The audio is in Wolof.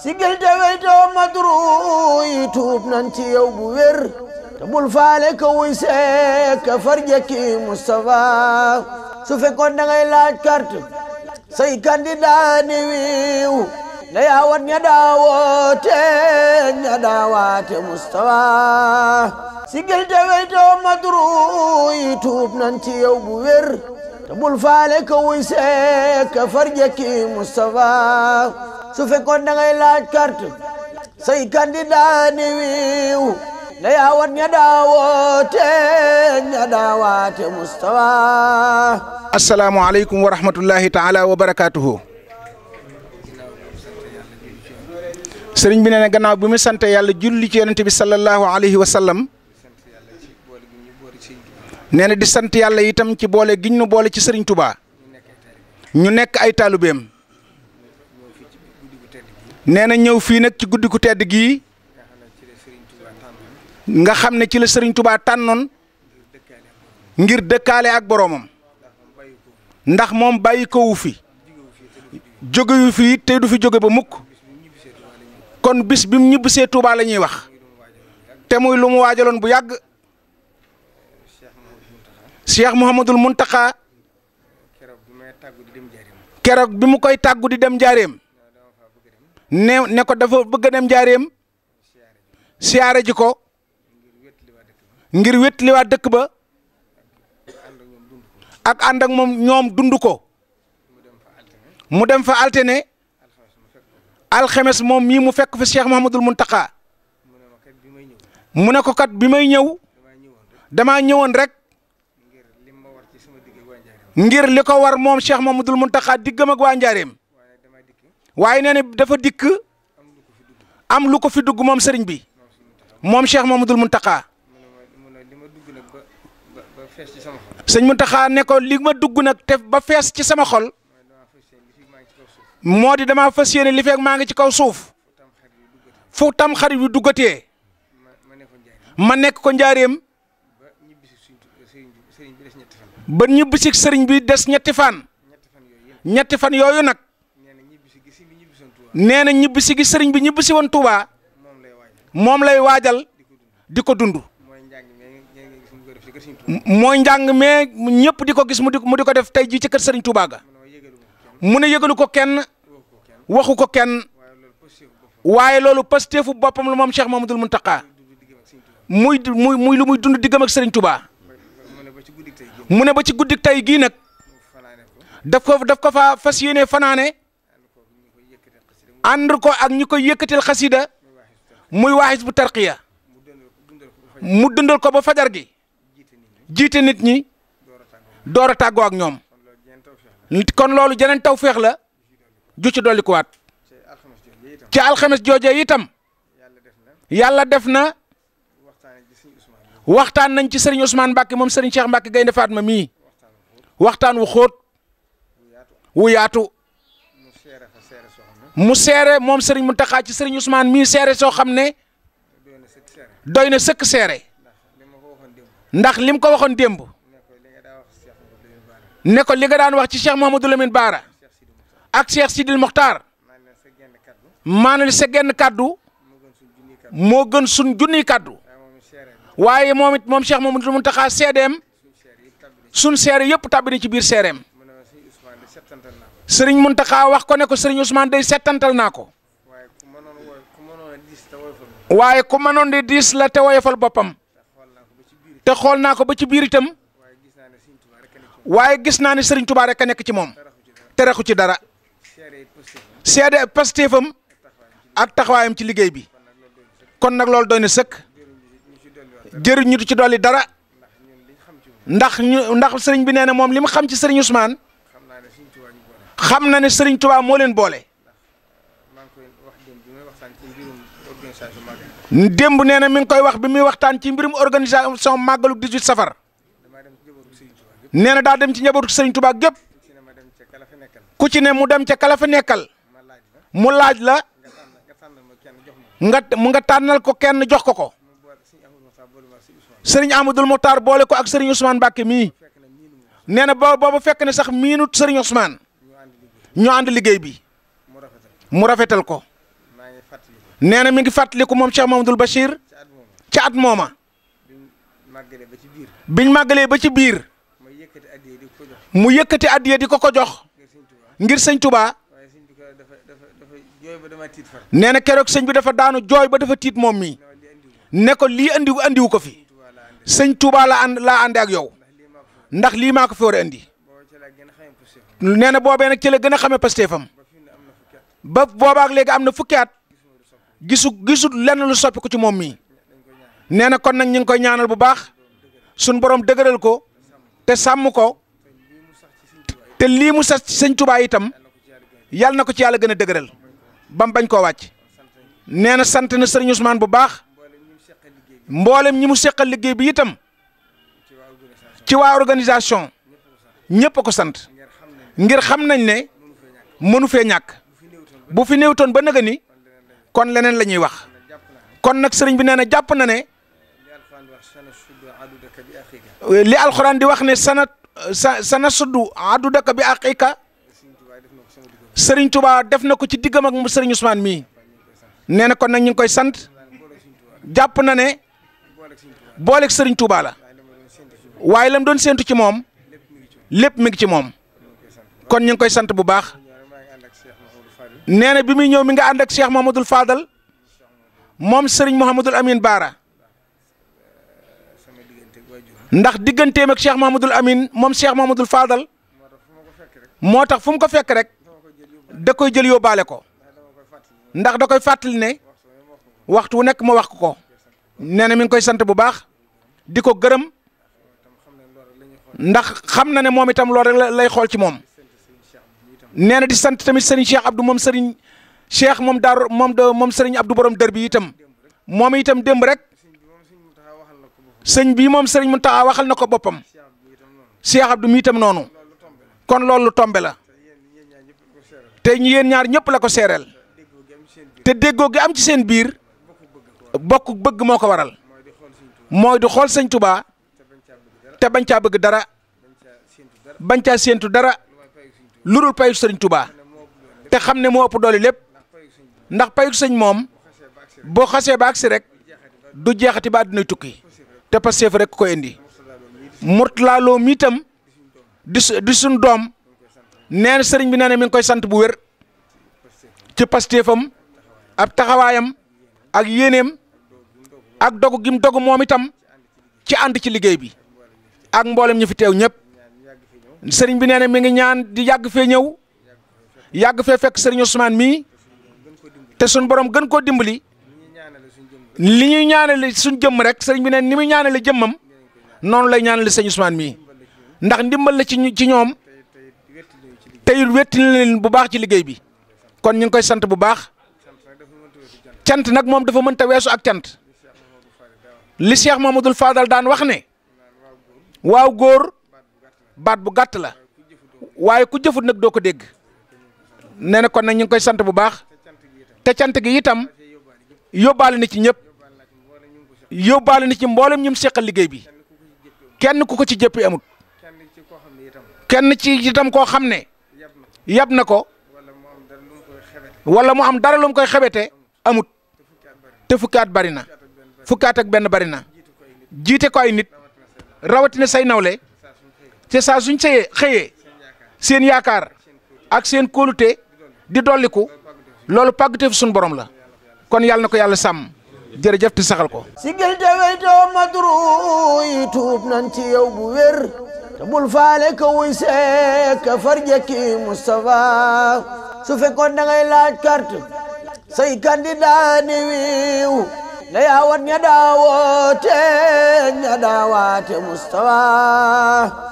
sigil te weytoo madru yi tuub nan ci bu wér te bul faale ka wuy ka farjaki Moustapha su fekkoon da ngay laaj carte say candidat wiiw na yaawat ña daawoote ña sigil te weytoo madru yi tuub nan ci bu wér te bul faale ko wuy seek ka farje ki Moustapha su fekkoon da ngay laaj carte say candidat ni wiiw na yaa wat ña daawoote ña daawaate Moustapha asalaamualeykum wa rahmatullahi taala wa barakaatuhu sëriñ bi ne gannaaw bi mu yàlla julli ci yonente bi sallallahu wa sallam nee na di sant yàlla itam ci boole giñ nu boole ci sëriñ tubaa ñu nekk ay taalibeem nee na ñëw fii nag ci guddi ku tedd gii nga xam ne ci la sëriñ tubaa tànnoon ngir dëkkaale ak boroomam ndax moom bàyyi ko fi jóge wu fi te du fi jóge ba mukk kon bis bi mu ñibbisee tubaa la ñuy wax te muy lu mu waajaloon bu yàgg Cheikh Mouhamadul Mountakha keroog bi mu koy tàggu di dem jaareem ne ne ko dafa bëgg a dem jaareem siyaare ji ko ngir wétli waa dëkk ba ak ànd ak ñoom dund ko mu dem fa altine alxemes moom mii mu fekk fa Cheikh Mouhamadul Mountakha mu ne ko kat bi may ñëw damaa ñëwoon rek. ngir li ko war moom Cheikh Mamadul Muntaxa diggam ak waa Njaareem waaye nee na dafa dikk am lu ko fi dugg moom sëriñ bi moom Cheikh Mamadul Muntaxa sëñ Muntaxa ne ko li ma dugg nag te ba fees ci sama xol moo di damaa fas yéene li feeg maa ngi ci kaw suuf fu tam xarit bi duggatee ma nekk ko Njaareem ba ñibbi si sëriñ bi des ñetti fan ñetti fan yooyu nag nee na ñibbi si gi sëriñ bi ñibbi si woon Touba moom lay waajal di ko dund mooy njàng mais ñëpp di ko gis mu di mu di ko def tey jii ci kër sëriñ Touba ga mu ne yëgalu ko kenn waxu ko kenn waaye loolu fu boppam la moom Cheikh Mamadul Muntaqa muy muy muy lu muy dund diggam ak sëriñ Touba. mu ne ba ci guddik tey gii nag daf ko daf ko fa fas yéene fanaane ànd ko ak ñi koy yëkkatil xasida muy waa Hizbut Tarqiyyah mu dundal ko ba fajar gi jiite nit ñi door a tàggoo ak ñoom kon loolu jeneen taw féex la ju ci dolli kuwaat ci alxames jooje itam yàlla def na waxtaan nañ ci sëriñ Ousmane Mbacke moom sëriñ Cheikh Mbacke Gaynde Fatma mii waxtaan wu xóot wu yaatu mu seere moom sëriñ mu Mountakha ci sëriñ Ousmane mii seere soo xam ne doy na sëkk seere ndax li mu ko waxoon démb ne ko li nga daan wax ci Cheikh Mouhamadou Lamine Baara ak Cheikh Sidil Mokhtar maanaam sa genn kàddu moo gën suñ junniy kàddu waaye moom it moom Cheikh Mamadou Muntaxa seedeem sun seere yëpp tàbbi na ci biir seereem mun Muntaxa wax ko ne ko sëriñ Ousmane day settantal naa ko waaye ku noon di diis la te woyofal boppam te xool naa ko ba ci biir itam waaye gis naa ne sëriñ Tuubaa rek a nekk ci moom te raxu ci dara seede pastéefam ak taxawaayam ci liggéey bi kon nag loolu doy na sëkk. jëriñu ci dolli dara ndax ñu ndax sëriñ bi nee na moom li mu xam ci sëriñ Ousmane xam na ne sëriñ Touba moo leen boole. démb nee na mi ngi koy wax bi muy waxtaan ci mbirum organisation màggalu 18 safar nee na daa dem ci njabootu sëriñ Touba gépp ku ci ne mu dem ca kala fa nekkal mu laaj la nga mu nga tànnal ko kenn jox ko ko. sëriñ Amadou Moutar boole ko ak sëriñ Ousmane Mbacke mii nee na boo boobu fekk ne sax miinut sëriñ Ousmane ñoo ànd liggéey bi mu rafetal ko nee na mi ngi fàttaliku moom Cheikh Mamadou Bachir ca at mooma biñ màggalee ba ci biir mu yëkkati addiya di ko ko jox ngir sëñ Touba nee na keroog sëñ bi dafa daanu jooy ba dafa tiit moom mi ne ko lii andiwu andiwu ko fi sëñ Touba la ànd laa àndee ak yow ndax lii maa ko fi war a indi nee na boobee nag ci la gën a xamee pasteefam ba boobaak léegi am na fukki at gisu gisul lenn lu soppi ko ci moom mii nee na kon nag ñu ngi koy ñaanal bu baax suñ borom dëgëral ko te sàmm ko te lii mu sas ci sëñ Touba itam yàlla na ko ci yàlla gën a dëgëral bam bañ koo wàcc nee na na sëriñ bu baax. mbooleem ñi mu seqal liggéey bi itam ci waa organisation ñëpp ko sant ngir xam nañ ne mënu fee ñàkk bu fi néewtoon ba naga ni kon leneen la ñuy wax kon nag sëriñ bi nee na jàpp na ne li alxuraan di wax ne sana sa sana suddu addu daka bi aqiqa sëriñ Touba def na ko ci diggam ak sëriñ Ousmane mii nee na kon nag ñu koy sant jàpp na ne booleek sëriñ Touba la waaye lam doon séentu ci moom lépp mi ngi ci moom kon ñu ngi koy sant bu baax nee na bi muy ñëw mi nga ànd seex Cheikh faadal moom sëriñ Mouhamadul Amine Baara ndax digganteem ak Cheikh Mouhamadul Amine moom Cheikh Mouhamadul Fadal moo tax fu mu ko fekk rek da koy jël yóbbaale ko ndax da koy fàttali ne waxtu wu nekk ma wax ko nee na mi ngi koy sant bu baax. di ko gërëm ndax xam na ne moom itam loolu rek lay xool ci moom nee na di sant tamit sëriñ Cheikh Abdou moom sëriñ Cheikh moom daar moom de moom sëriñ abdu borom dër bi itam moom itam demb rek sëñ bi moom sëriñ tax a waxal na ko boppam Cheikh Abdou mi itam noonu kon loolu tombe la te ñu yéen ñaar ñëpp la ko seereel te déggoo gi am ci seen biir bokk bëgg moo ko waral. mooy du xool sëñ Tuubaa te bañ caa bëgg dara bañ caa séentu dara lu dul payu sëriñ Tuubaa te xam ne moo ëpp doole lépp ndax payu sëñ moom boo xasee ba agsi rek du jeexati ba àddunay tukki te Pastef rek ko indi Mourtala Lo mi itam di di suñ doom nee na sëriñ bi nee na mi koy sant bu wér ci Pastefam ab taxawaayam ak yéeneem ak dogu gim dogu moom itam ci ànd ci liggéey bi ak mboolem ñu fi teew ñëpp sëriñ bi nee na mi ngi ñaan di yàgg fee ñëw yàgg fee fekk sëriñ Ousmane mii te suñ borom gën koo dimbali li ñuy ñaanale suñ jëmm rek sëriñ bi neen ni muy ñaanale jëmmam noonu lay ñaanale sëriñ Ousmane mii ndax ndimbal la ci ci ñoom tey wetti leen bu baax ci liggéey bi kon ñu ngi koy sant bu baax cant nag moom dafa mën ta weesu ak cant li Cheikh Mamadou Fadal daan wax ne waaw góor baat bu gàtt la waaye ku jëfut nag doo ko dégg nee na kon nag ñu koy sant bu baax te cant gi itam yóbbaale na ci ñëpp yóbbaale na ci mboolem ñum seqal liggéey bi kenn ku ko ci jëppi amut kenn ci itam koo xam ne yab na ko wala mu am dara lu koy xebete amut te fukki at bari na. fukkaat ak benn bari na jiite ko ay nit rawatina say nawle te saa suñ sëyee xëyee seen yaakaar ak seen kóolute di dolliku loolu pàggateef suñu borom la kon yàlla na ko yàlla sàmm jërëjëf ti saxal ko sigil te weytoo madru yi tuub nan ci wér te faale ko wuy seek farjëkki Moustapha su fekkoon da laaj carte say candidat ni wiiw na yawon ya dawo te ya dawa eh, te eh, mustawa